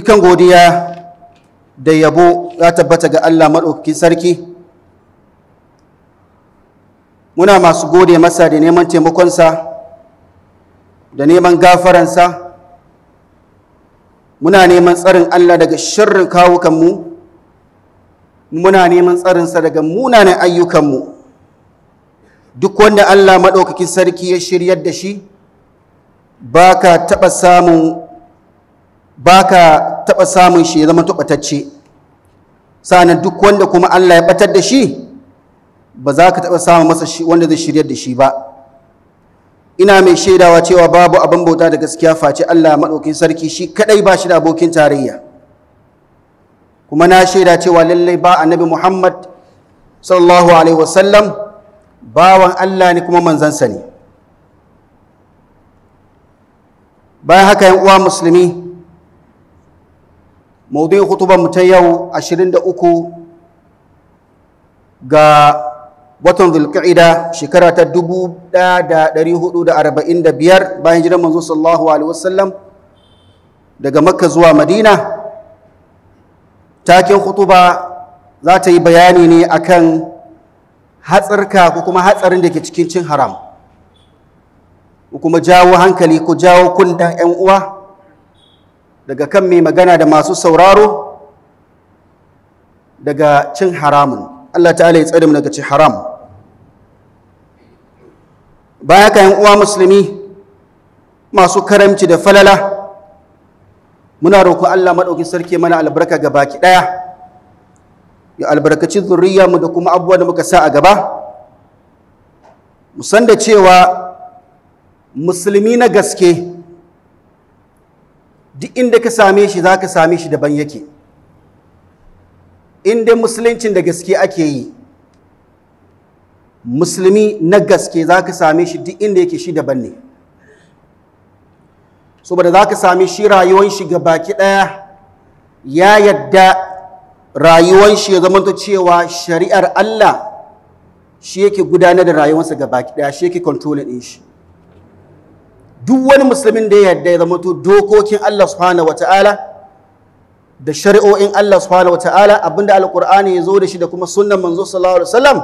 dukan godiya da yabo ya tabbata ga Allah maɗaukakin sarki muna masu gode masa da neman taimakonsa da neman gafaransa muna neman tsarin Allah daga shirin kawukanmu muna neman tsarinsa daga munanan ayyukanmu duk wanda Allah maɗaukakin sarki ya shiryar da shi ba ka taɓa samun ba ka ka taɓa samun shi ya zama taɓatacce sa'annan duk wanda kuma Allah ya ɓatar da shi ba za ka taɓa samun masa wanda zai shirya da shi ba ina mai shaidawa cewa babu abin bauta da gaskiya face Allah maɗaukin sarki shi kaɗai ba shi da abokin tarayya kuma na shaida cewa lallai ba annabi Muhammad sallallahu alaihi wasallam bawan Allah ne kuma manzansa ne bayan haka yan uwa musulmi maudin hutubanmu ta yau 23 ga watan zulka'ida shekara ta 1445 bayan jiran manzo sallallahu alaihi wasallam daga makka zuwa madina Takin hutuba za ta yi bayani ne akan hatsarka ko kuma hatsarin da ke cikin cin haram ko kuma jawo hankali ko jawo kundan 'yan uwa daga kan mai magana da masu sauraro daga cin haramun Allah ta'ala ya tsare mu daga cin haram baya ya kayan uwa musulmi masu karamci da falala muna roƙo Allah maɗauki sarki mana albarka ga baki ɗaya ya albarkaci zurriya mu da kuma abubuwa da muka sa a gaba musan da cewa musulmi na gaske duk inda ka same shi za ka same shi daban yake inda musuluncin da gaske ake yi musulmi na gaske za ka same shi duk inda yake shi daban ne saboda za ka same shi rayuwan shi ga baki ɗaya ya yadda rayuwan shi ya zamanta cewa shari'ar Allah shi yake gudanar da rayuwarsa ga baki ɗaya shi yake kontrolin din shi duk wani musulmin da ya yarda ya zama to dokokin Allah subhanahu wataala da shari'o'in Allah subhanahu wataala abinda alqur'ani ya zo da shi da kuma sunnan manzo sallallahu alaihi wasallam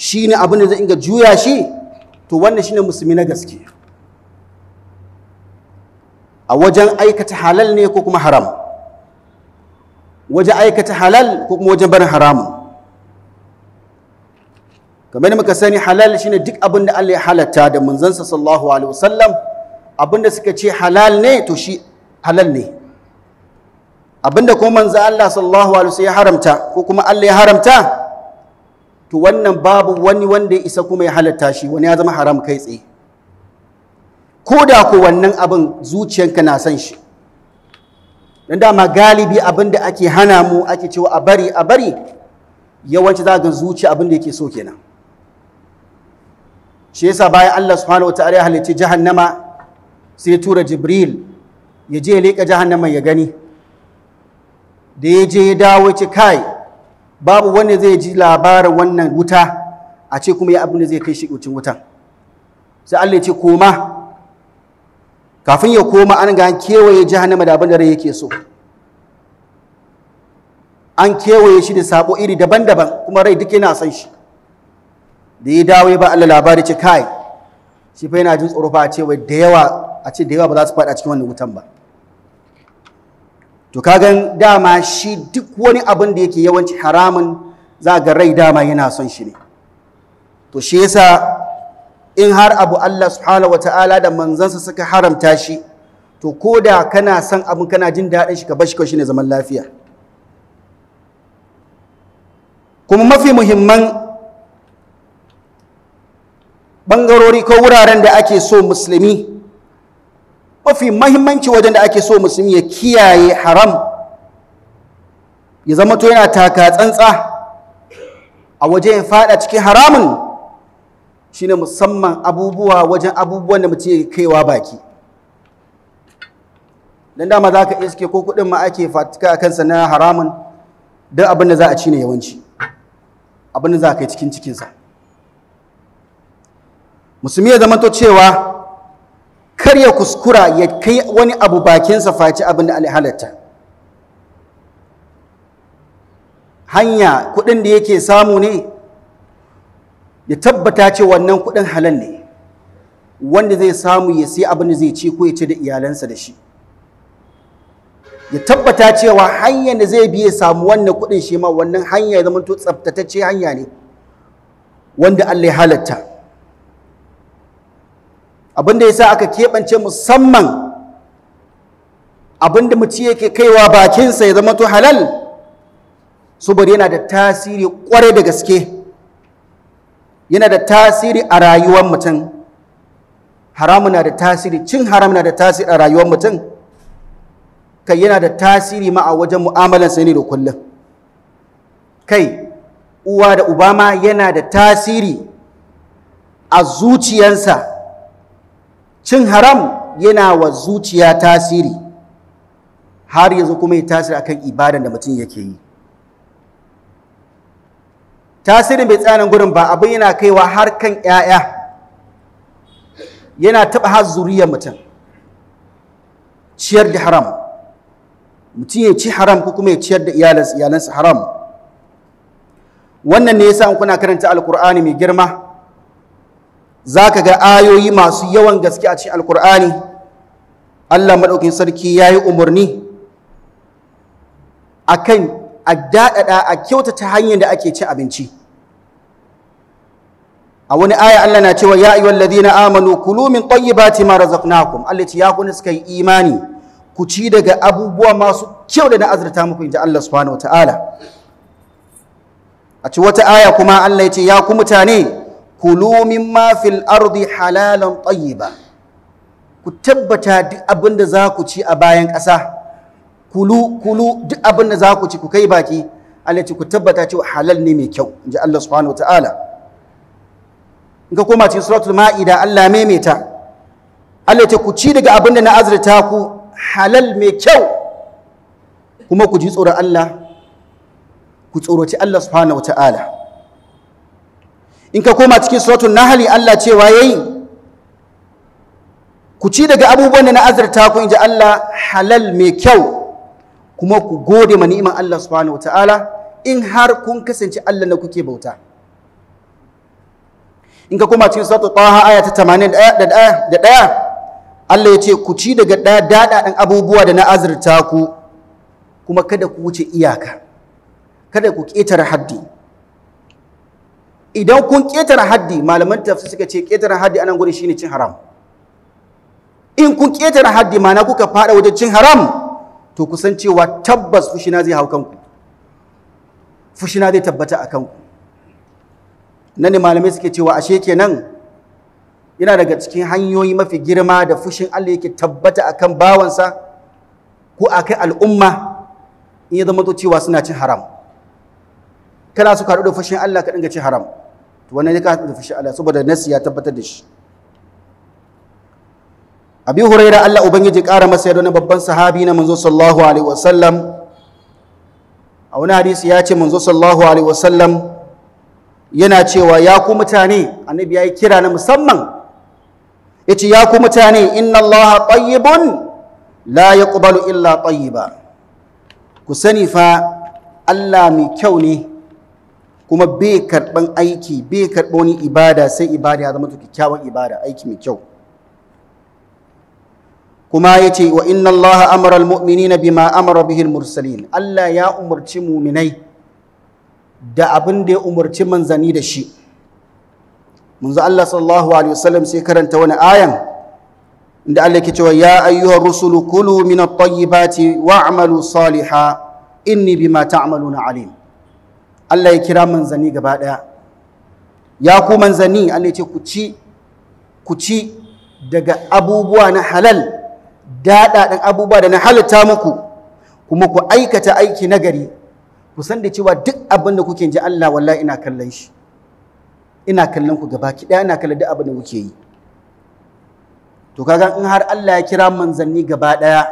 shine abin da zai inga juya shi to wannan shine musulmi na gaske a wajen aikata halal ne ko kuma haram wajen aikata halal ko kuma wajen barin haramun kamar da muka sani halal shine duk abin da Allah ya halatta da manzansa sallallahu alaihi wasallam abin da suka ce halal ne to shi halal ne abin da kuma manzo Allah sallallahu alaihi wasallam ya haramta ko kuma Allah ya haramta to wannan babu wani wanda ya isa kuma ya halatta shi wani ya zama haram kai tsaye ko da ko wannan abin zuciyanka na san shi dan dama galibi abin da ake hana mu ake cewa a bari a bari yawanci za ga zuciya abin da yake so kenan shi yasa bayan Allah subhanahu wataala ya jihan nama sai tura Jibril ya je leƙa nama ya gani da ya je ya dawo ce kai babu wanda zai ji labarin wannan wuta a ce kuma ya abin da zai kai shi wucin wutan sai Allah ya ce koma kafin ya koma an ga kewaye kewaye jahannama da abin da rai yake so an kewaye shi da sabo iri daban-daban kuma rai duk yana san shi da ya dawo ya ba Allah labari ce kai shi fa yana jin tsoro fa ce wai da yawa a ce da yawa ba za su a cikin wannan wutan ba to kagan dama shi duk wani abin da yake yawanci haramun za ga rai dama yana son shi ne to shi yasa in har abu Allah subhanahu wata'ala da manzansa suka haramta shi to ko da kana son abin kana jin daɗin shi ka shi kawai ne zaman lafiya kuma mafi muhimman bangarori ko wuraren da ake so musulmi mafi mahimmanci wajen da ake so musulmi ya kiyaye haram ya zama to yana taka tsantsa a waje ya fada cikin haramun shine musamman abubuwa wajen abubuwan da mutum ya kaiwa baki don dama za ka iske ko kuɗin ma ake fatika a kansa na haramun don abin da za a ci ne yawanci abin da za ka yi cikin cikinsa musulmi ya zama to cewa kar ya kuskura ya kai wani abu bakinsa faci abin da halatta hanya kuɗin da yake samu ne ya tabbata ce wannan kuɗin halal ne wanda zai samu ya sai abin da zai ci ko ya ci da iyalansa da shi ya tabbata cewa hanyar da zai biye samu wannan kuɗin shi ma wannan hanya ya zama to tsabtatacce hanya ne wanda Allah ya halatta abin da ya sa aka keɓance musamman abin da yake kaiwa bakinsa ya zama to halal saboda yana da tasiri kwarai da gaske yana da tasiri a rayuwar mutum haramu na da tasiri cin haram na da tasiri a rayuwar mutum kai yana da tasiri ma a wajen mu'amalansa ne da kullum kai uwa da uba yana da tasiri a zuciyansa cin haram yana wa zuciya tasiri har yanzu kuma ya tasiri akan ibadan da mutum yake yi tasirin bai tsanan gurin ba abin yana kaiwa har kan 'ya'ya yana taɓa har zuriyar mutum ciyar da haram mutum ya ci haram ko kuma ya ciyar da iyalansa haram wannan ne ya yasa kuna karanta alkur'ani mai girma za ka ga ayoyi masu yawan gaske a cikin alkur'ani allah maɗaukin sarki ya yi umarni a kan a daɗaɗa a kyautata hanyar da ake cin abinci a wani aya allah na cewa ya ayyuhal ladina amanu kulu min tayyibati ma razaqnakum allah ce ya kuna suka yi imani ku ci daga abubuwa masu kyau da na azurta muku inji allah subhanahu wa ta'ala a ci wata aya kuma allah ya ce ya ku mutane kulu mimma fil ardi halalan tayyiba ku tabbata duk abin da za ku ci a bayan ƙasa kulu kulu duk abin da za ku ci ku kai baki Allah ku tabbata cewa halal ne mai kyau inji Allah subhanahu wa ta'ala in ka koma cikin suratul ma'ida Allah maimaita Allah ku ci daga abin da na azurta ku halal mai kyau kuma ku ji tsoron Allah ku tsoraci Allah subhanahu wa ta'ala in ka koma cikin na hali Allah cewa yayi ku ci daga abubuwan da na azurta ku inji Allah halal mai kyau kuma ku gode ma ni'imar Allah subhanahu wataala in har kun kasance Allah na kuke bauta in ka koma cikin suratul taha aya ta 81 da ɗaya, Allah ya ce ku ci daga daya dadadan abubuwa da na azurta ku kuma kada ku wuce iyaka kada ku ƙetare haddi idan kun ƙetare haddi malaman tafsir suka ce ƙetare haddi anan gurin shine cin haram in kun ƙetare haddi mana kuka fada wajen cin haram to kusan cewa tabbas fushina zai hau kanku fushina zai tabbata a kanku nan ne malamai suke cewa ashe kenan yana daga cikin hanyoyi mafi girma da fushin Allah yake tabbata akan bawansa ko akan al'umma in ya zama to cewa suna cin haram kana su karu da fushin Allah ka dinga cin haram wannan ne ka da fushi Allah saboda nasi ya tabbatar da shi abi huraira Allah ubangiji ƙara masa yadda babban sahabi na manzo sallallahu alaihi wasallam a wani hadisi ya ce manzo sallallahu alaihi wasallam yana cewa ya ku mutane annabi yayi kira na musamman yace ya ku mutane inna Allah tayyibun la yaqbalu illa tayyiba ku sani fa Allah mai kyau ne kuma bai karɓan aiki bai karɓa wani ibada sai ibada ya zama to ibada aiki mai kyau kuma yace wa inna Allah amara almu'minina bima amara bihi mursalin Allah ya umarci muminai da abin da ya umarci manzani da shi manzo Allah sallallahu alaihi wasallam sai karanta wani ayan da Allah yake cewa ya ayyuhar rusulu kulu min at-tayyibati wa'malu salihan inni bima ta'maluna alim Allah ya kira manzanni gaba ɗaya ya ku manzanni Allah ya ce ku ci ku ci daga abubuwa na halal daɗaɗan abubuwa da na halitta muku kuma ku aikata aiki nagari ku san da cewa duk abin da kuke ji Allah wallahi ina kallon shi ina kallon ku gaba ki ina kallon duk abin da kuke yi to kaga in har Allah ya kira manzanni gaba ɗaya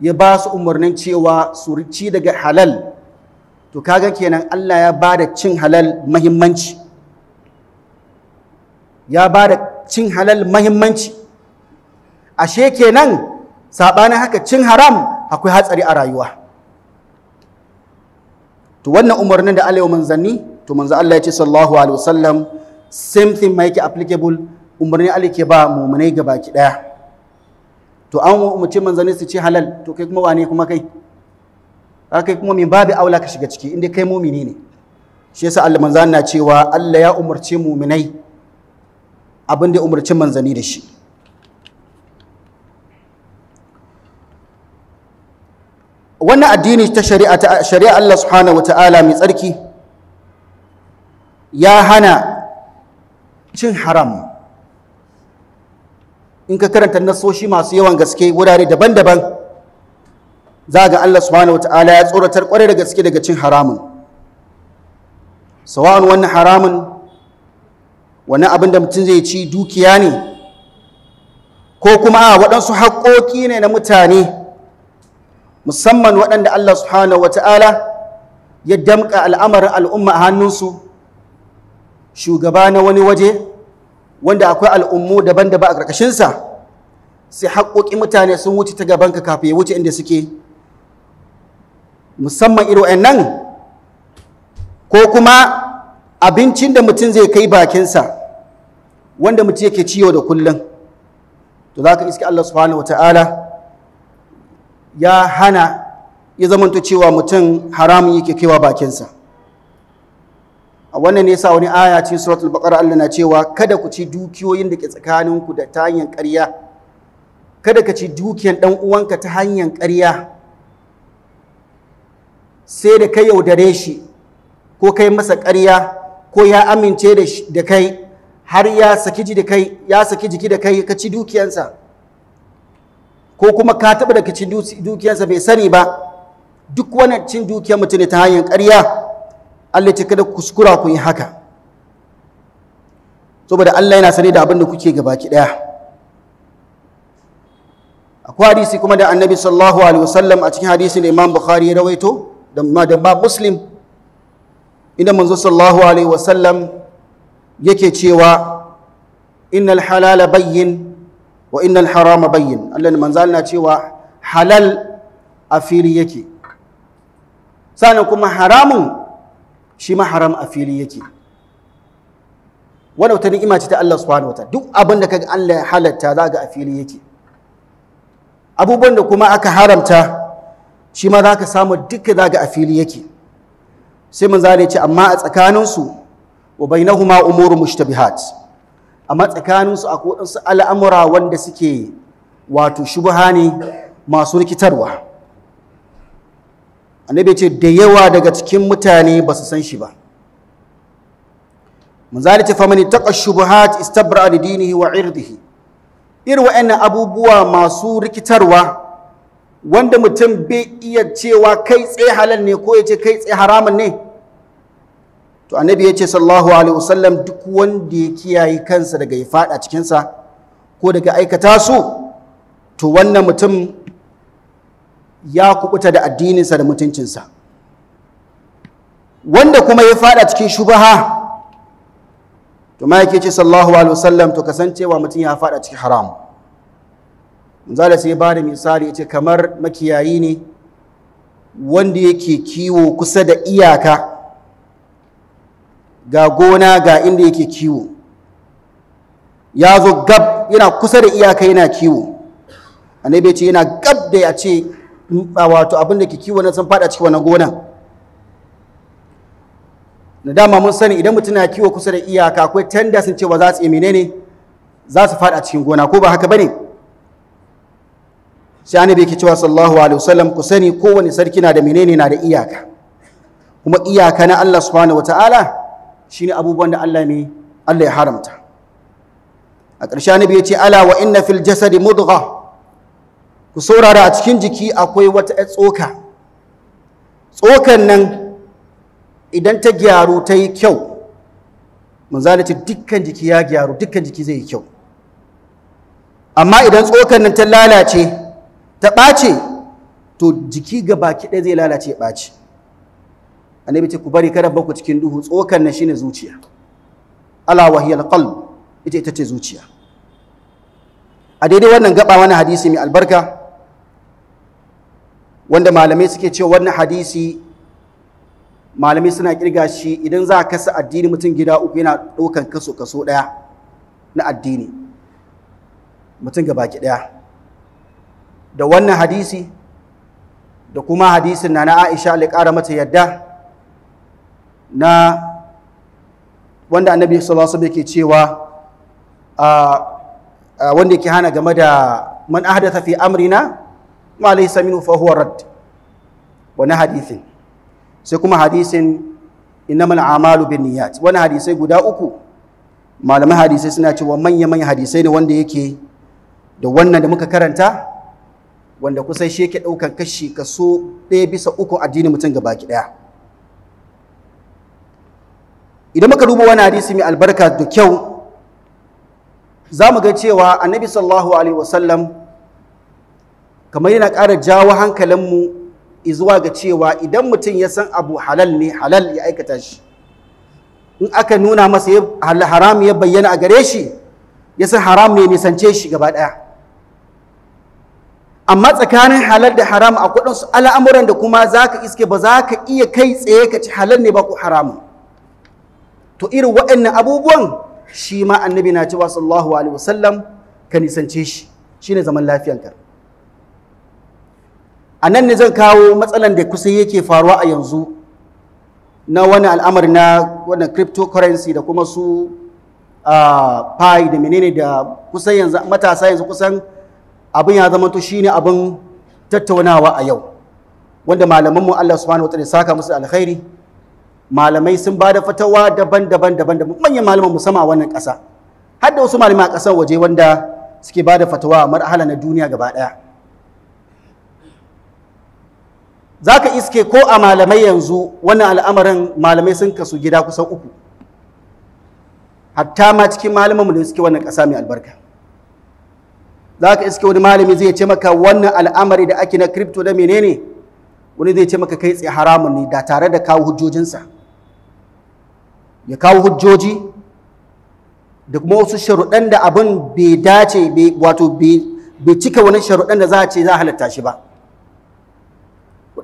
ya ba su umarnin cewa su rici daga halal to kaga kenan Allah ya ba da cin halal mahimmanci ya ba da cin halal mahimmanci ashe kenan saɓanin haka cin haram akwai hatsari a rayuwa to wannan umarnin da Allah ya manzanni to manzo Allah ya ce sallallahu alaihi wasallam same thing ma yake applicable umarnin Allah ke ba mu'minai ki daya to an mutum manzanni su ci halal to kai kuma wane kuma kai kai kuma min babu aula ka shiga ciki inda kai mumini ne shi yasa Allah manzo cewa Allah ya umarci muminai abin da ya umarci manzani da shi wannan addini ta shari'a ta shari'a Allah subhanahu wata'ala mai tsarki ya hana cin haram in ka karanta nasoshi masu yawan gaske wurare daban-daban za ga Allah subhanahu wataala ya tsoratar kwarai da gaske daga cin haramun sawa'un wannan haramun wani abin da mutum zai ci dukiya ne ko kuma waɗansu haƙoƙi ne na mutane musamman waɗanda Allah subhanahu wataala ya damƙa al'amarin al'umma a hannunsu shugaba na wani waje wanda akwai al'ummu daban-daban a ƙarƙashinsa sai haƙoƙi mutane sun wuce ta gabanka kafin ya wuce inda suke musamman irin nan ko kuma abincin da mutum zai kai bakinsa wanda mutum yake ciwo da kullum to za ka iske Allah subhanahu wa ta'ala ya hana ya zamanta cewa mutum haramun yake kaiwa bakinsa a wannan ne wani aya cikin suratul baqara Allah na cewa kada ku ci dukiyoyin da ke tsakaninku da ta hanyar ƙarya kada ka ci dukiyan dan uwanka ta hanyar ƙarya sai da ka yaudare shi ko kai masa ƙarya ko ya amince da kai har ya saki jiki da kai ya saki jiki da kai ka ci dukiyansa ko kuma ka taɓa da ka dukiyansa bai sani ba duk wani cin dukiyar mutum ta hanyar ƙarya Allah ce kada kuskura ku yi haka saboda Allah yana sani da abin da kuke gabaki ɗaya akwai hadisi kuma da annabi sallallahu alaihi wasallam a cikin hadisin da imam bukhari ya rawaito da ba muslim inda manzo sallallahu alaihi wasallam yake cewa innal halala bayyin wa innal harama bayyin Allah manzo na cewa halal a fili yake sannan kuma haramun shi ma haram a fili yake wannan wata ni'ima ce ta Allah subhanahu wa ta'ala duk abin da kaga Allah ya halatta za ga a fili yake abubuwan da kuma aka haramta shi ma za ka samu duka za a fili yake sai mun zane ce amma a tsakaninsu wa bainahuma umuru mushtabihat amma tsakaninsu a kodansu al'amura wanda suke wato shubha ne masu rikitarwa annabi ce da yawa daga cikin mutane ba su san shi ba mun zane ce famani taqa shubuhat istabra li dinihi wa irdihi irin wa'annan abubuwa masu rikitarwa wanda mutum bai iya cewa kai tsaye halal ne ko ya ce kai tsaye haramun ne to annabi ya ce sallahu alaihi wasallam duk wanda ya kiyaye kansa daga ya fada cikinsa ko daga aikata su to wannan mutum ya kubuta da addininsa da mutuncinsa wanda kuma ya fada cikin shubaha to ma yake ce sallahu alaihi wasallam to kasancewa mutum ya fada cikin haramun manzala sai ba da misali ya ce kamar makiyayi ne wanda yake kiwo kusa da iyaka ga gona ga inda yake kiwo ya zo gab yana kusa da iyaka yana kiwo annabi ya ce yana gab da ya ce wato abin da ke kiwo na sun fada ciki wannan gona da dama mun sani idan mutum na kiwo kusa da iyaka akwai tanda sun cewa za su yi menene za su fada cikin gona ko ba haka bane ne sai annabi yake cewa sallallahu alaihi wasallam ku sani kowane sarki na da menene na da iyaka kuma iyaka na Allah subhanahu wataala shine abubuwan da Allah ne Allah ya haramta a ƙarshe annabi ya ce ala wa inna fil jasadi mudgha ku saurara a cikin jiki akwai wata tsoka tsokan nan idan ta gyaru ta yi kyau ce dukkan jiki ya gyaru dukkan jiki zai yi kyau amma idan tsokan nan ta lalace ta ɓace to jiki ga baki ɗaya zai lalace ɓace annabi ce ku bari kada baku cikin duhu tsokan na shine zuciya ala wahiyal qalb ita ita ce zuciya a daidai wannan gaba wani hadisi mai albarka wanda malamai suke cewa wannan hadisi malamai suna kirga shi idan za a kasa addini mutum gida uku yana ɗaukan kaso kaso ɗaya na addini mutum baki ɗaya da wannan hadisi da kuma hadisin na na aisha alƙara mata yadda na wanda annabi sallallahu alaihi ke cewa wanda yake hana game da man ahdatha fi amrina ma laysa minhu fa huwa rad wani hadisin sai kuma hadisin innamal a'malu bin niyyat wani hadisai guda uku malamai hadisai suna cewa manya manyan hadisai ne wanda yake da wannan da muka karanta wanda kusan shi yake ɗaukar kashi kaso ɗaya bisa uku addinin mutum gaba ki ɗaya idan muka duba wani hadisi mai albarka da kyau za mu ga cewa annabi sallallahu alaihi wasallam kamar yana ƙara jawo hankalinmu zuwa ga cewa idan mutum ya san abu halal ne halal ya aikata shi in aka nuna masa haram ya bayyana a gare shi ya san haram ne nisance shi gaba ɗaya amma tsakanin halal da haramu a su al'amuran da kuma za ka iske ba za ka iya kai tsaye ka ci halal ne ba ku haramu. to irin waɗannan abubuwan shi ma annabi na cewa sallallahu alaihi wasallam ka nisance shi shine zaman lafiyanka a nan ne zan kawo matsalan da kusa yake faruwa a yanzu na wani al'amari na wannan cryptocurrency da kuma su uh, ah, pi da menene da kusan yanzu matasa yanzu kusan abin ya zama to shine abin tattaunawa a yau wanda malaman mu Allah subhanahu wataala saka musu alkhairi malamai sun ba da fatawa daban-daban daban da manyan malaman musamman a wannan ƙasa har da wasu malamai a ƙasar waje wanda suke ba da fatawa a marhala na duniya gaba ɗaya za ka iske ko a malamai yanzu wannan al'amarin malamai sun kasu gida kusan uku hatta ma cikin malamanmu da suke wannan ƙasa mai albarka za ka iske wani malami zai ce maka wannan al'amari da ake na crypto da menene wani zai ce maka kai tsaye haramun ne da tare da kawo hujjojinsa ya kawo hujjoji da kuma wasu sharuɗan da abin bai dace wato bai cika wani sharuɗan da za a ce za a halatta shi ba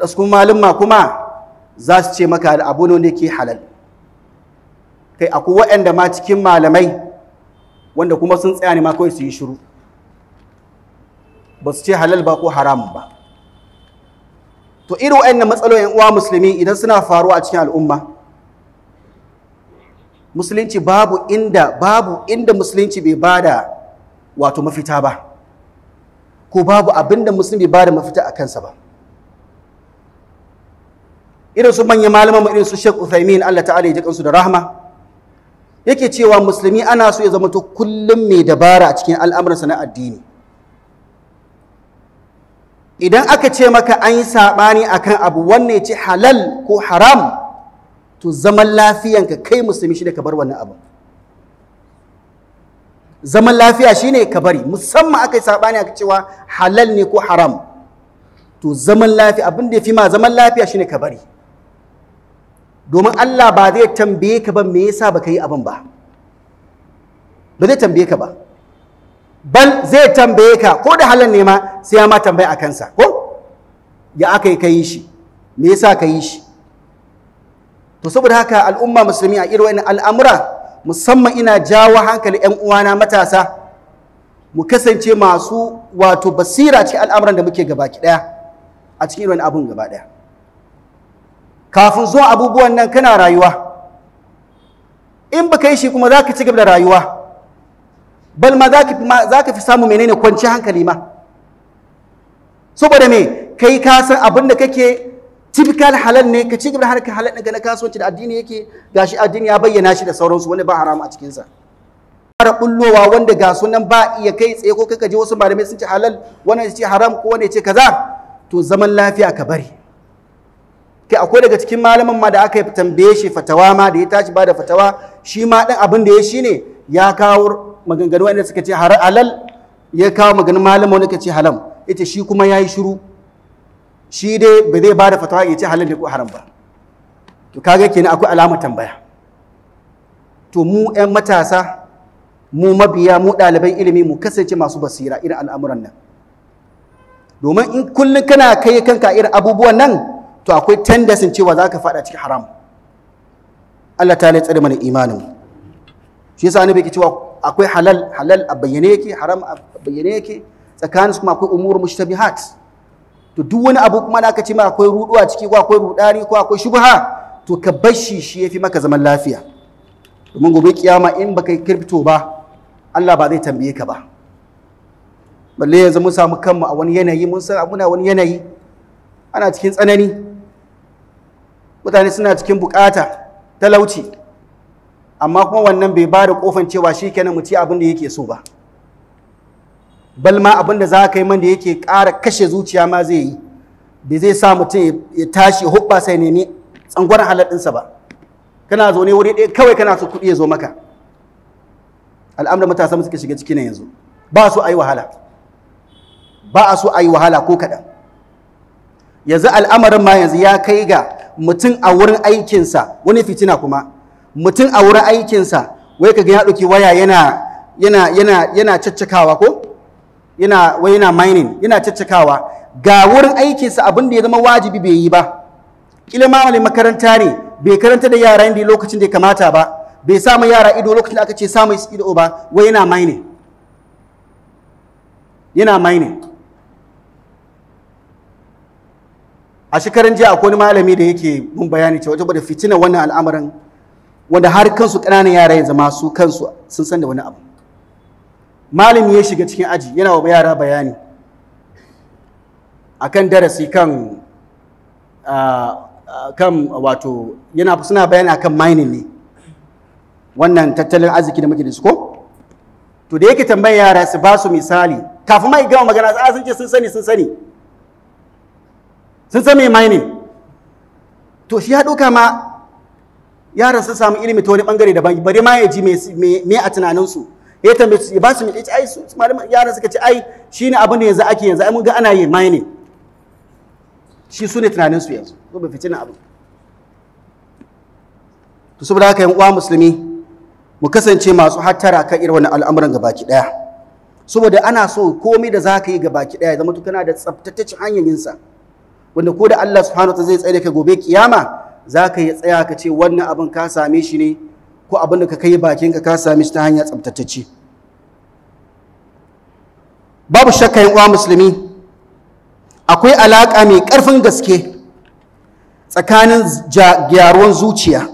su kuma malumma kuma za su ce maka abu ne ke halal kai akwai waɗanda ma cikin malamai wanda kuma sun tsaya ne ma kawai su yi shiru ba su ce halal ba ko haramun ba to irin wa'annan matsalolin uwa musulmi idan suna faruwa a cikin al'umma musulunci babu inda babu inda musulunci bai bada wato mafita ba ko babu abinda musulmi bai bada mafita a kansa ba irin su manyan malaman irin su Sheikh Uthaymeen Allah ta'ala ya ji kansu da rahma yake cewa musulmi ana so ya zama to kullum mai dabara a cikin al'amuransa na addini idan aka ce maka an yi saɓani a kan abu wanne ya ce halal ko haram to zaman lafiyanka kai musulmi shi da ka bar wannan abu zaman lafiya shi ne ka bari musamman aka yi saɓani aka cewa halal ne ko haram to zaman lafiya abin da ya fi ma zaman lafiya shi ne ka bari domin Allah ba zai tambaye ka ba me yasa baka yi abin ba ba zai tambaye ka ba bal zai tambaye ka ko da halin nema sai ya ma tambaye a kansa ko ya aka yi ka shi me yasa ka yi shi to saboda haka al'umma musulmi a irin al'amura musamman ina jawo hankali 'yan uwana matasa mu kasance masu wato basira cikin al'amuran da muke gabaki daya a cikin irin abun gaba daya kafin zuwa abubuwan nan kana rayuwa in baka yi shi kuma za ka ci gaba da rayuwa bal ma za ka fi samu menene kwanci hankali ma saboda me kai ka san abin da kake typical halal ne ka ci gaba harkar halal daga na kasuwanci da addini yake gashi addini ya bayyana shi da sauransu wani ba haramu a cikinsa fara bullowa wanda ga sunan ba iya kai tsaye ko kaka je wasu malamai sun ce halal wani ya ce haram ko wani ya ce kaza to zaman lafiya ka bari kai akwai daga cikin malamin ma da aka tambaye shi fatawa ma da ya tashi ba da fatawa shi ma ɗan abin da ya shi ne ya kawo maganganu wanda suka ce halal ya kawo maganin malama wani ka ce halam ita shi kuma ya yi shiru shi dai ba zai ba da fatawa ya ce halal ne ko haram ba to kaga kenan akwai alama tambaya to mu 'yan matasa mu mabiya mu ɗaliban ilimi mu kasance masu basira irin al'amuran nan domin in kullum kana kai kanka irin abubuwan nan to akwai tendasin cewa za ka faɗa cikin haram Allah ta tsare mana imanin shi yasa annabi ke cewa akwai halal halal a bayyane yake haram a bayyane yake tsakanin su kuma akwai umur mushtabihat to duk wani abu kuma da aka ce ma akwai ruduwa ciki ko akwai rudani ko akwai shubha to ka bashi shi yafi maka zaman lafiya domin gobe kiyama in baka yi kirfito ba Allah ba zai tambaye ka ba balle yanzu mun samu kanmu a wani yanayi mun san muna wani yanayi ana cikin tsanani mutane suna cikin bukata talauci amma kuma wannan bai ba da kofan cewa shi kenan mu ci abin da yake so ba balma ma abin da za ka yi man da yake ƙara kashe zuciya ma zai yi bai zai sa mutum ya tashi hubba sai nemi tsangwaron halaɗinsa ba kana ne wuri ɗaya kawai kana so kuɗi ya zo maka al'amuran matasan suka shiga ciki na yanzu ba su a wahala ba a so a wahala ko kaɗan yanzu al'amarin ma yanzu ya kai ga mutum a wurin aikinsa wani fitina kuma mutum a wurin aikinsa wai ka ya ɗauki waya yana yana yana yana caccakawa ko yana wai yana mining yana caccakawa ga wurin aikinsa abin da ya zama wajibi bai yi ba kila malamin makaranta ne bai karanta da yara inda lokacin da ya kamata ba bai samu yara ido lokacin da aka ce samu ido ba wai yana mining yana mining a shekaran jiya akwai wani malami da yake mun bayani cewa da fitina wannan al'amarin wanda har kansu ƙananan yara yanzu zama su kansu sun san da wani abu malami ya shiga cikin aji yana wa yara bayani A kan darasi kan kan wato yana suna bayani a kan mining ne wannan tattalin arziki da muke da su ko to da yake tambayar yara su ba su misali kafin ma gama magana za sun ce sun sani sun sani sun san mining to shi ya ɗauka ma yaran sun samu ilimi ta wani bangare daban bari ma ya ji me a tunaninsu ya tambaye ya ba su mai ai su yaran suka ce ai ne abin da yanzu ake yanzu ai mun ga ana yi ne. shi su ne tunaninsu yanzu ko ba fitina abu to saboda haka yan uwa musulmi mu kasance masu hattara kan irin wannan al'amuran gabaki daya saboda ana so komai da zaka yi gabaki daya zama kana da tsaftataccen hanyar yinsa wanda ko da Allah subhanahu wa ta'ala zai tsare ka gobe kiyama za ka yi tsaya ka ce wannan abin ka same shi ne ko abin da ka kai bakinka ka same shi ta hanya tsabtatacce babu shakka yin uwa musulmi akwai alaƙa mai ƙarfin gaske tsakanin gyaruwan zuciya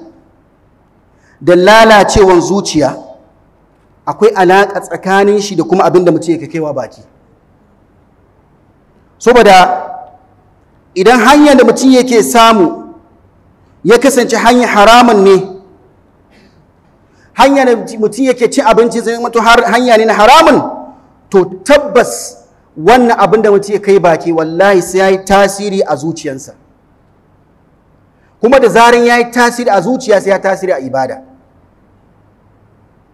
da lalacewan zuciya akwai alaƙa tsakanin shi da kuma abin da mutum yake kaiwa baki saboda idan hanyar da mutum yake samu ya kasance hanyar haramun ne hanya da mutum yake ci abinci zai mutu hanya ne na haramun to tabbas wannan abin da mutum ya kai baki wallahi sai ya yi tasiri a zuciyansa kuma da zarin ya yi tasiri a zuciya sai ya tasiri a ibada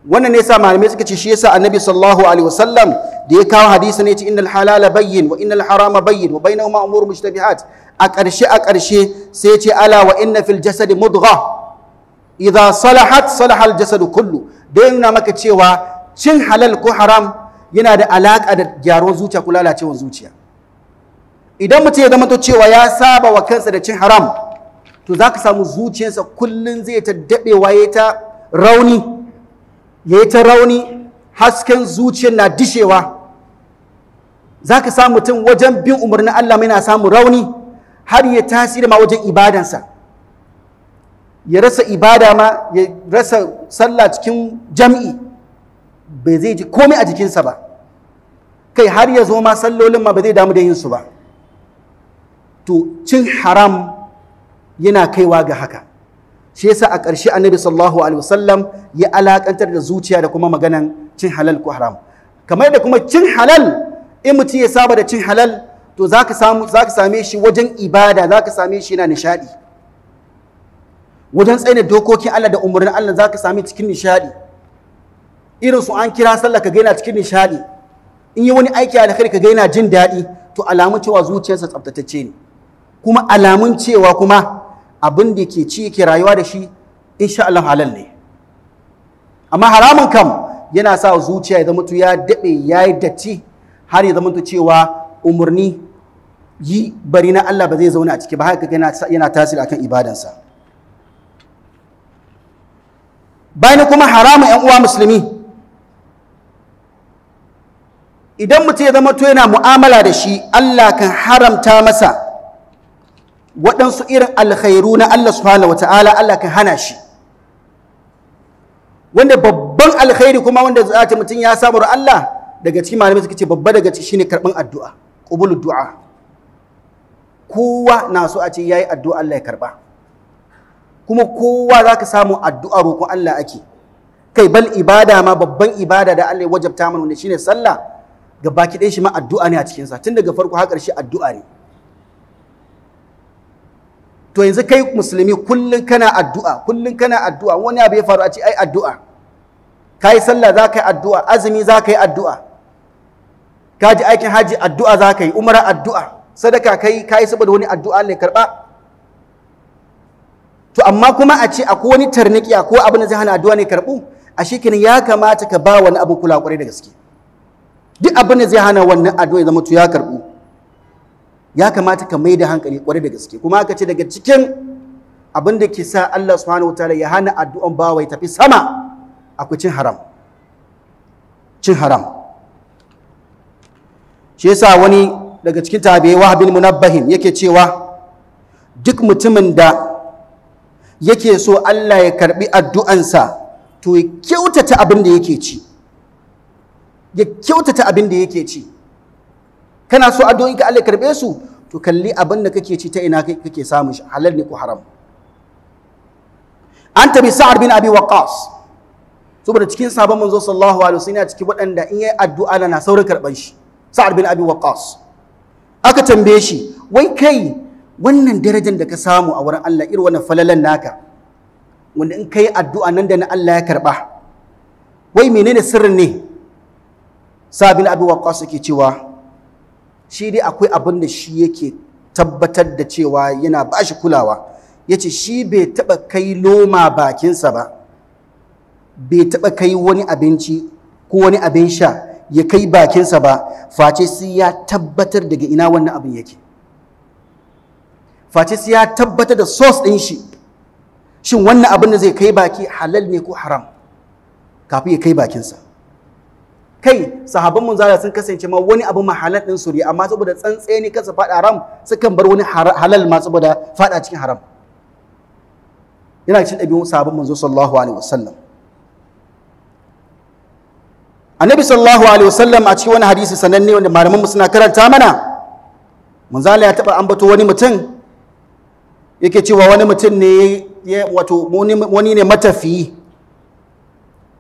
wannan ne sa malamai suka ce shi yasa annabi sallallahu alaihi wasallam da ya kawo hadisi ne ce innal halala bayyin wa innal harama bayyin wa bainahuma umur mushtabihat a ƙarshe a ƙarshe sai ce ala wa inna fil jasadi mudgha idza salahat salaha al jasadu kullu dai yana maka cewa cin halal ko haram yana da alaƙa da gyaruwar zuciya ko lalacewar zuciya idan mutum ya zama cewa ya saba wa kansa da cin haram to za ka samu zuciyarsa kullum zai ta daɗewa ya ta rauni ya ta rauni hasken zuciyar na dishewa za ka samu mutum wajen bin umarnin Allah mai na samu rauni har ya tasiri ma wajen ibadansa ya rasa ibada ma ya rasa sallah cikin jam'i bai zai ji komai a jikinsa ba kai har ya zo ma sallolin ma ba zai damu da yin su ba to cin haram yana kaiwa ga haka shi yasa a ƙarshe annabi sallallahu alaihi wasallam ya alakantar da zuciya da kuma maganan cin halal ko haram kamar da kuma cin halal in mutum ya saba da cin halal to za ka same shi wajen ibada za ka same shi yana nishadi wajen tsaye dokokin Allah da umarnin Allah za ka same cikin nishadi irin su an kira sallah ka gaina cikin nishadi in yi wani aiki alkhairi ka gaina jin daɗi to alamun cewa zuciyarsa tsaftatace ne kuma alamun cewa kuma abin da ke ci ke rayuwa da shi insha Allah halal ne amma haramun kam yana sa zuciya ya zama ya daɓe ya yi datti har ya zama cewa umarni yi bari na Allah ba zai zauna a ciki ba haka yana tasiri akan ibadansa bayan kuma haramu yan uwa musulmi idan mutum ya zama to yana mu'amala da shi Allah kan haramta masa waɗansu irin alkhairu na Allah subhanahu wata'ala Allah kan hana shi wanda babban alkhairi kuma wanda za ta mutum ya samu Allah daga cikin malamai suka ce babba daga ciki shine karɓar addu'a ƙubulu du'a kowa na so a ce ya yi addu'a Allah ya karba kuma kowa zaka samu addu'a roƙon Allah ake kai bal ibada ma babban ibada da Allah ya wajabta mana wanda shine sallah ga baki ɗaya shi ma addu'a ne a cikinsa tun daga farko har ƙarshe addu'a ne to yanzu kai musulmi kullum kana addu'a kullum kana addu'a wani abu ya faru a ce ai addu'a yi sallah za ka yi addu'a azumi za ka yi addu'a ka ji aikin haji addu'a za ka yi umara addu'a sadaka kai kai saboda wani addu'a ne karba to amma kuma a ce akwai wani tarniki ko abin da zai hana addu'a ne karbu a shekin ya kamata ka ba wani abu kula kwarai da gaske duk abin da zai hana wannan addu'a ya zama to ya karbu ya kamata ka mai da hankali kwarai da gaske kuma aka ce daga cikin abin da ke sa Allah subhanahu wataala ya hana addu'an bawa ya tafi sama akwai cin haram cin haram shi yasa wani daga cikin tabi wahabin bin munabbahin yake cewa duk mutumin da yake so Allah ya karbi addu'ansa to ya kyautata abin da yake ci ya kyautata abin da yake ci kana so addu'o'in ka Allah ya karbe su to kalli abin da kake ci ta ina kake samun shi halal ne ko haram an tabi sa'ad bin abi waqas saboda cikin sabon manzo sallallahu alaihi wasallam yana cikin waɗanda in yayi addu'a na saurin karban shi sa'ad bin abi waqas aka tambaye shi wai kai wannan darajar da ka samu a wurin Allah irin wannan falalan naka wanda in kai addu'a nan da na Allah ya karba wai menene sirrin ne sabin abu waqas yake cewa shi dai akwai abin da shi yake tabbatar da cewa yana ba shi kulawa yace shi bai taba kai loma bakinsa ba bai taba kai wani abinci ko wani abin sha ya kai bakinsa ba face su ya tabbatar daga ina wannan abin yake face su ya tabbatar da source ɗin shi shin wannan abin da zai kai baki halal ne ko haram kafin ya kai bakinsa kai sahabban zara sun kasance ma wani abu ma halal ɗin su amma saboda ne kansa faɗa haram sukan bar wani halal ma saboda faɗa cikin haram yana cikin ɗabi'un sahabban manzo sallallahu alaihi wasallam annabi sallallahu alaihi wasallam a cikin wani hadisi sananne wanda malaman suna karanta mana manzala ya taba ambato wani mutum yake cewa wani mutum ne wato wani ne matafi.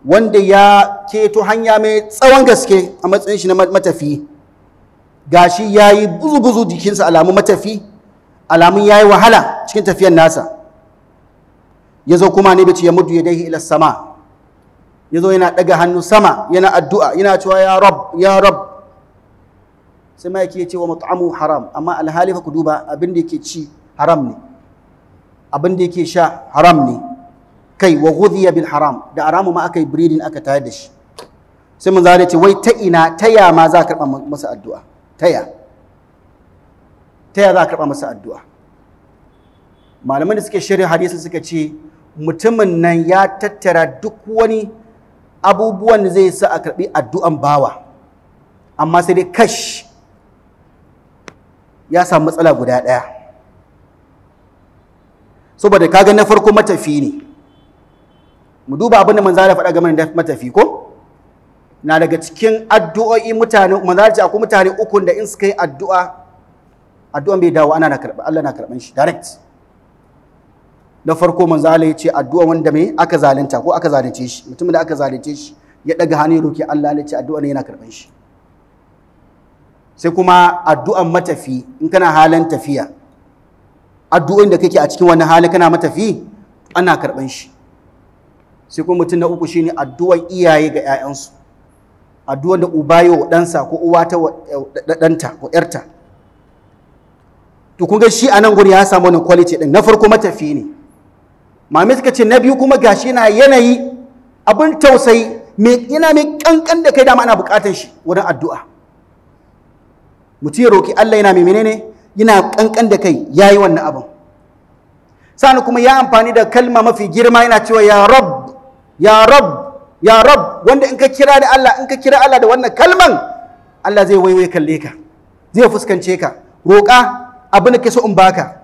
wanda ya keto hanya mai tsawon gaske a matsayin shi na matafi, gashi yayi yi buzu-buzu jikinsa alamun matafi alamun yayi wahala cikin tafiyar nasa ya zo kuma ne bace ya mudu ya dai ila sama ya zo yana ɗaga hannu sama yana addu'a yana cewa ya rab ya rab sai ma yake cewa mat'amu haram amma alhali fa ku duba abin da yake ci haram ne abin da yake sha haram ne kai wa ghudhiya bil haram da haramu ma aka yi breeding aka tayar da shi sai mun zare ce wai ta ina taya ma za a karɓa masa addu'a taya taya za a karɓa masa addu'a malaman da suke shirin hadisi suka ce mutumin nan ya tattara duk wani abubuwan da zai sa a karɓi addu'an bawa amma sai dai kash ya samu matsala guda ɗaya saboda kaga na farko matafi ne mu duba abin da manzara faɗa game da matafi ko na daga cikin addu'o'i mutane manzara ce akwai mutane ukun da in suka yi addu'a addu'an bai dawo ana na karɓi Allah na karɓan shi direct na farko manzo Allah yace addu'a wanda me aka zalunta ko aka zalunce shi mutumin da aka zalunce shi ya daga hannu roki Allah ya ce addu'a ne yana karban shi sai kuma addu'an matafi in kana halin tafiya addu'o'in da kake a cikin wani hali kana matafi ana karban shi sai kuma mutum na uku shine addu'ar iyaye ga 'ya'yansu addu'ar da uba yi wa ɗansa ko uwa ta ɗanta ko ‘yarta to kun ga shi a nan gurin ya samu wannan quality ɗin na farko matafi ne mami suka ce na biyu kuma gashi na yanayi abin tausayi mai ina mai kankan da kai dama ana bukatar shi wurin addu'a mutum ya roki Allah yana mai menene yana kankan da kai ya yi wannan abin sani kuma ya amfani da kalma mafi girma yana cewa ya rab ya rab ya rab wanda in ka kira da Allah in ka kira Allah da wannan kalman Allah zai waiwaye kalle ka zai fuskance ka roƙa abin da ke so in baka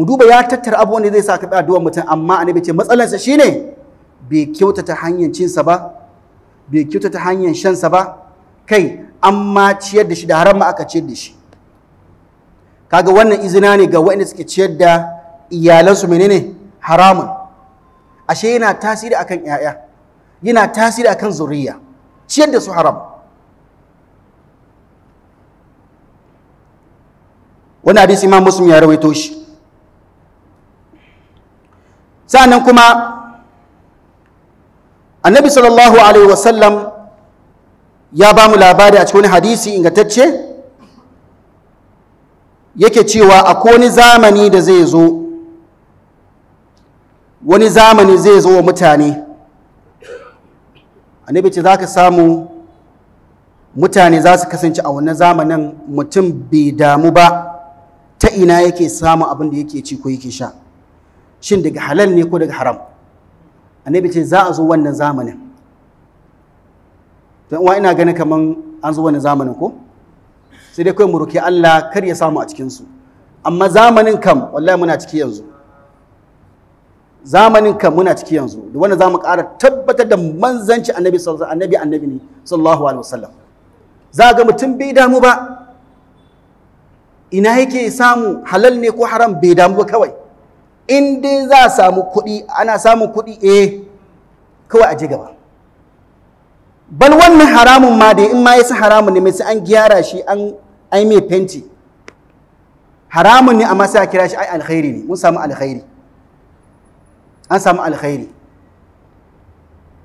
mu duba ya tattara abu da zai sa ka bi addu'ar mutum amma annabi ce matsalarsa ne? bai kyautata hanyar cinsa ba bai kyautata hanyar shansa ba kai amma ciyar da shi da haram aka ciyar da shi kaga wannan izina ne ga waɗanda suke ciyar da iyalansu menene haramun ashe yana tasiri akan 'ya'ya yana tasiri akan zuriya ciyar da su haram wani hadisi imam muslim ya rawaito shi sa'annan kuma annabi sallallahu alaihi wasallam ya ba mu labari a cikin hadisi ingantacce yake cewa a wani zamani da zai zo wani zamani zai zo wa mutane annabi ce za ka samu mutane za su kasance a wannan zamanin mutum bai damu ba ta ina yake samun abin da yake ci ko yake sha shin daga halal ne ko daga haram annabi ce za a zo wannan zamanin To uwa ina ganin kaman an zo wannan zamanin ko sai dai kai mu roki Allah kar ya samu a cikin su amma zamanin kam wallahi muna ciki yanzu zamanin kam muna ciki yanzu da wannan zamu ƙara tabbatar da manzanci annabi sallallahu annabi annabi ne sallallahu alaihi wasallam za ga mutum bai damu ba ina yake samu halal ne ko haram bai damu ba kawai in dai za a samu kuɗi ana samun kuɗi eh kawai a ji gaba bal wannan haramun ma dai in ma yasa haramun ne mai sai an gyara shi an ai mai fenti haramun ne amma sai a kira shi ai alkhairi ne mun samu alkhairi an samu alkhairi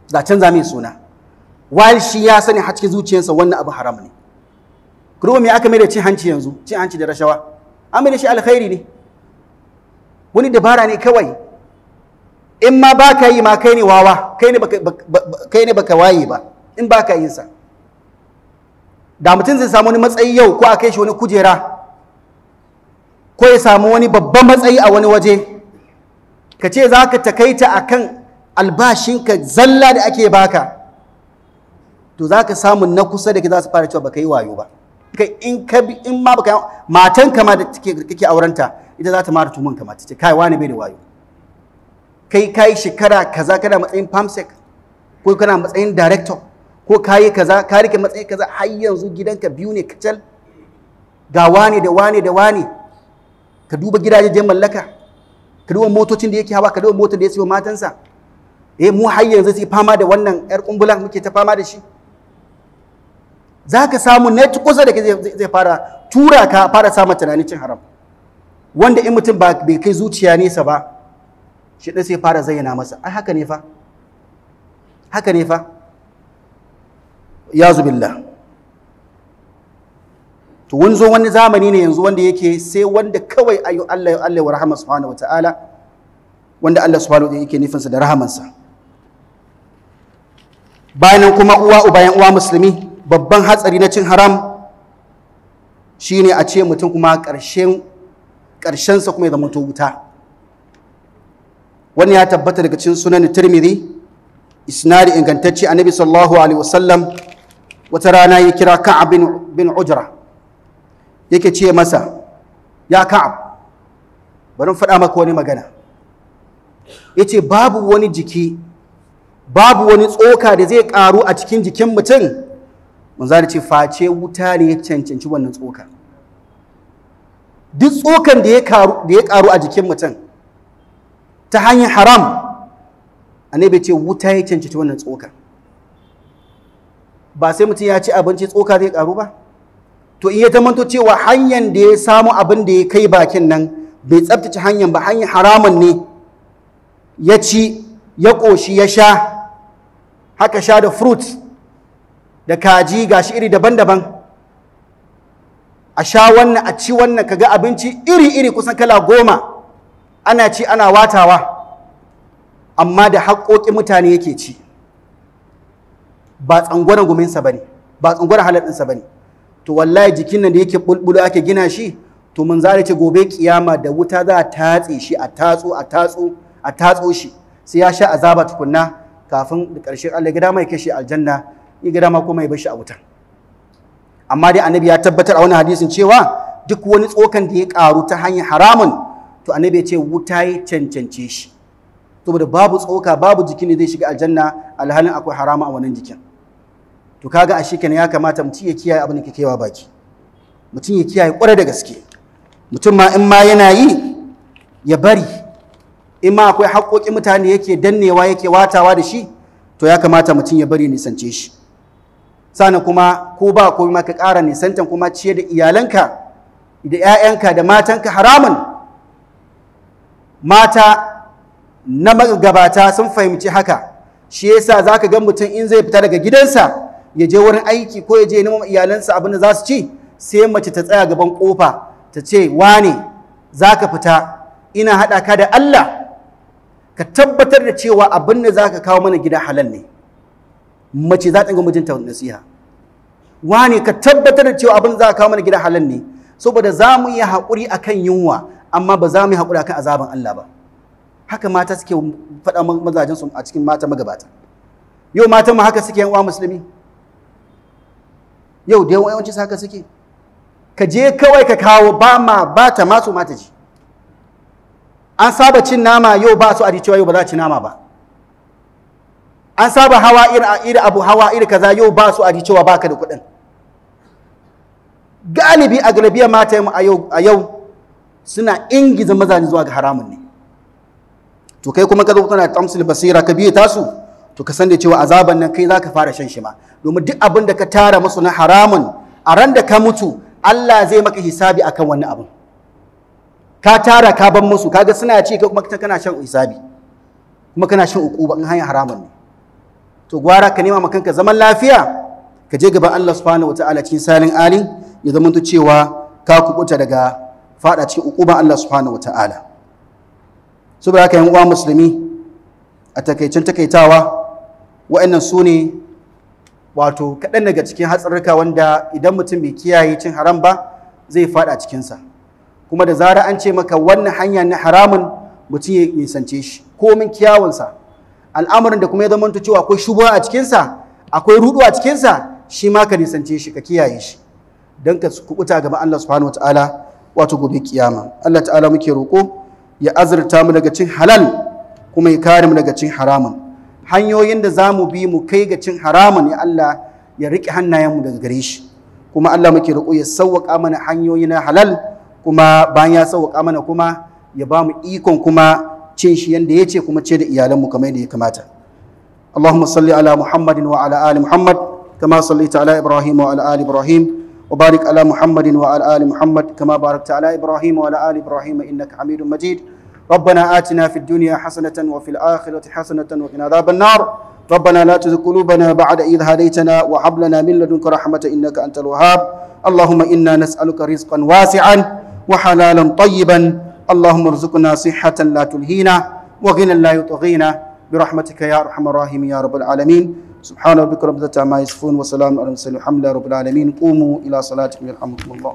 za canza mai suna wal shi ya sani har cikin zuciyarsa wannan abu haram ne kuma me aka mai da cin hanci yanzu cin hanci da rashawa an mai da shi alkhairi ne wani dabara ne kawai in ma ba ka yi ma kai ne wawa kai ne baka waye ba in ba ka yi sa da mutum zai samu wani matsayi yau ko a kai shi wani kujera ko ya samu wani babban matsayi a wani waje ka ce za ka takaita a kan albashinka zalla da ake baka to za ka samu na kusa da ke za su fara cewa baka yi wayo ba in ma baka matanka ma da kake aurenta ita za ta mara tumun kama ta ce kai wani bai da wayo kai kai shekara kaza kana matsayin pamsec ko kana matsayin director ko yi kaza ka rike matsayin kaza har yanzu gidanka biyu ne kacal ga wani da wani da wani ka duba gidajen mallaka ka duba motocin da yake hawa ka duba motar da ya siyo matansa eh mu har yanzu sai fama da wannan yar kumbulan muke ta fama da shi za ka samu net kusa da zai fara tura ka fara samun tunanin cin haram wanda in mutum ba bai kai zuciya nesa ba shi ɗin sai fara zayyana masa ai haka ne fa haka ne fa ya zubillah to wani zo wani zamani ne yanzu wanda yake sai wanda kawai ayu Allah ya Allah wa rahama subhanahu wa ta'ala wanda Allah subhanahu wa ta'ala yake nufinsa da rahamansa bayan kuma uwa bayan uwa musulmi babban hatsari na cin haram shine a ce mutum kuma ƙarshen ƙarshensa kuma ya zama to wuta wani ya tabbata daga cikin sunan tirmidhi isnadi ingantacce annabi sallallahu alaihi wasallam wata rana ya kira ka'ab bin ujra yake ce masa ya ka'ab bari in faɗa maka wani magana yace babu wani jiki babu wani tsoka da zai ƙaru a cikin jikin mutum manzo ce face wuta ne ya cancanci wannan tsoka duk tsokan da ya karu a jikin mutum ta hanyar haram annabi ce wuta ya cancanci wannan tsokan ba sai mutum ya ci abinci tsoka zai karu ba to in ta manta cewa hanyar da ya samu abin da ya kai bakin nan bai tsabtace hanyar ba hanyar haramun ne ya ci ya ƙoshi ya sha haka sha da fruit da kaji gashi iri daban-daban a sha wannan a ci wannan kaga abinci iri-iri kusan kala goma ana ci ana watawa amma da haƙoƙi mutane yake ci ba tsangwaron guminsa ba ne ba halaɗinsa ba ne to wallahi jikin nan da yake bulbulu ake gina shi to mun zare ce gobe kiyama da wuta za a tatse shi a tatso a tatso a tatso shi sai ya sha azaba tukunna kafin da ƙarshen Allah gida mai kashe aljanna ya gida ma kuma ya bar shi a wutan amma dai annabi ya tabbatar a wani hadisin cewa duk wani tsokan da ya karu ta hanyar haramun to annabi ya ce wuta ya cancance shi saboda babu tsoka babu jikin da zai shiga aljanna alhalin akwai harama a wannan jikin to kaga a shi kenan ya kamata mutum ya kiyaye abin da ke kaiwa baki mutum ya kiyaye kwarai da gaske mutum ma in ma yana yi ya bari in ma akwai haƙoƙin mutane yake dannewa yake watawa da shi to ya kamata mutum ya bari nisance shi sana kuma ko ba komai ma ka ƙara nisantan kuma ciye da iyalanka da 'ya'yanka da matanka haramun mata na magabata sun fahimci haka shi yasa za ka gan mutum in zai fita daga gidansa ya je wurin aiki ko ya je neman iyalansa abin da za su ci sai mace ta tsaya gaban kofa ta ce ne?' za ka fita ina haɗa ka da Allah ka tabbatar da cewa abin da za ka kawo mana gidan halal ne mace za ta gwamnatin mijinta nasiha wani ka tabbatar da cewa abin za ka kawo mana gida halal ne saboda za mu yi haƙuri akan yunwa amma ba za mu yi haƙuri akan azaban Allah ba haka mata suke faɗa mazajen su a cikin mata magabata yau mata ma haka suke yan uwa musulmi yau da yawanci haka suke ka je kawai ka kawo ba ma ba ta masu mata ji an saba cin nama yau ba su a cewa yau ba za ci nama ba an saba hawa iri abu hawa iri kaza yau ba su aji cewa baka da kuɗin galibi a galibiyar mata a yau suna ingiza mazaje zuwa ga haramun ne to kai kuma ka zo kana tamsil basira ka biye tasu to ka san da cewa azaban nan kai zaka fara shan shi ma domin duk abin da ka tara musu na haramun a ran da ka mutu Allah zai maka hisabi akan wani abu ka tara ka ban musu kaga suna ci ka kuma kana shan hisabi kuma kana shan uquba in hanyar haramun ne to gwara ka nema makanka zaman lafiya ka je gaban Allah subhanahu wataala cikin salin alin ya zama to cewa ka kubuta daga fada cikin ukuban Allah subhanahu wataala saboda haka yan uwa musulmi a takaicin takaitawa wa'annan su ne wato kaɗan daga cikin hatsarurruka wanda idan mutum bai kiyaye cin haram ba zai faɗa cikinsa kuma da zara an ce maka wannan hanya na haramun mutum ya nisance shi komin kiyawansa al'amarin da kuma ya zama cewa akwai shubo a cikinsa akwai rudu a cikinsa shi ma ka nisance shi ka kiyaye shi don ka kubuta gaba Allah subhanahu wataala wato gobe kiyama Allah ta'ala muke roƙo ya azurta mu daga cin halal kuma ya kare mu daga cin haramun hanyoyin da za mu bi mu kai ga cin haramun ya Allah ya riƙe hannayenmu daga gare shi kuma Allah muke roƙo ya sauwaƙa mana hanyoyi na halal kuma bayan ya sauwaƙa mana kuma ya ba mu ikon kuma ce shi yanda ya ce kuma ce da iyalanmu kamar yadda ya kamata Allahumma salli ala Muhammadin wa ala ali Muhammad kama sallaita ala Ibrahim wa ala ali Ibrahim وبارك على محمد وعلى آل محمد كما باركت على إبراهيم وعلى آل إبراهيم إنك حميد مجيد ربنا آتنا في الدنيا حسنة وفي الآخرة حسنة وقنا عذاب النار ربنا لا تزغ قلوبنا بعد إذ هديتنا وهب لنا من لدنك رحمة إنك أنت الوهاب اللهم إنا نسألك رزقا واسعا وحلالا طيبا اللهم ارزقنا صحة لا تلهينا وغنى لا يطغينا برحمتك يا أرحم الراحمين يا رب العالمين سبحان ربك رب العزة عما يصفون وسلام على المرسلين والحمد لله رب العالمين قوموا إلى صلاتكم يرحمكم الله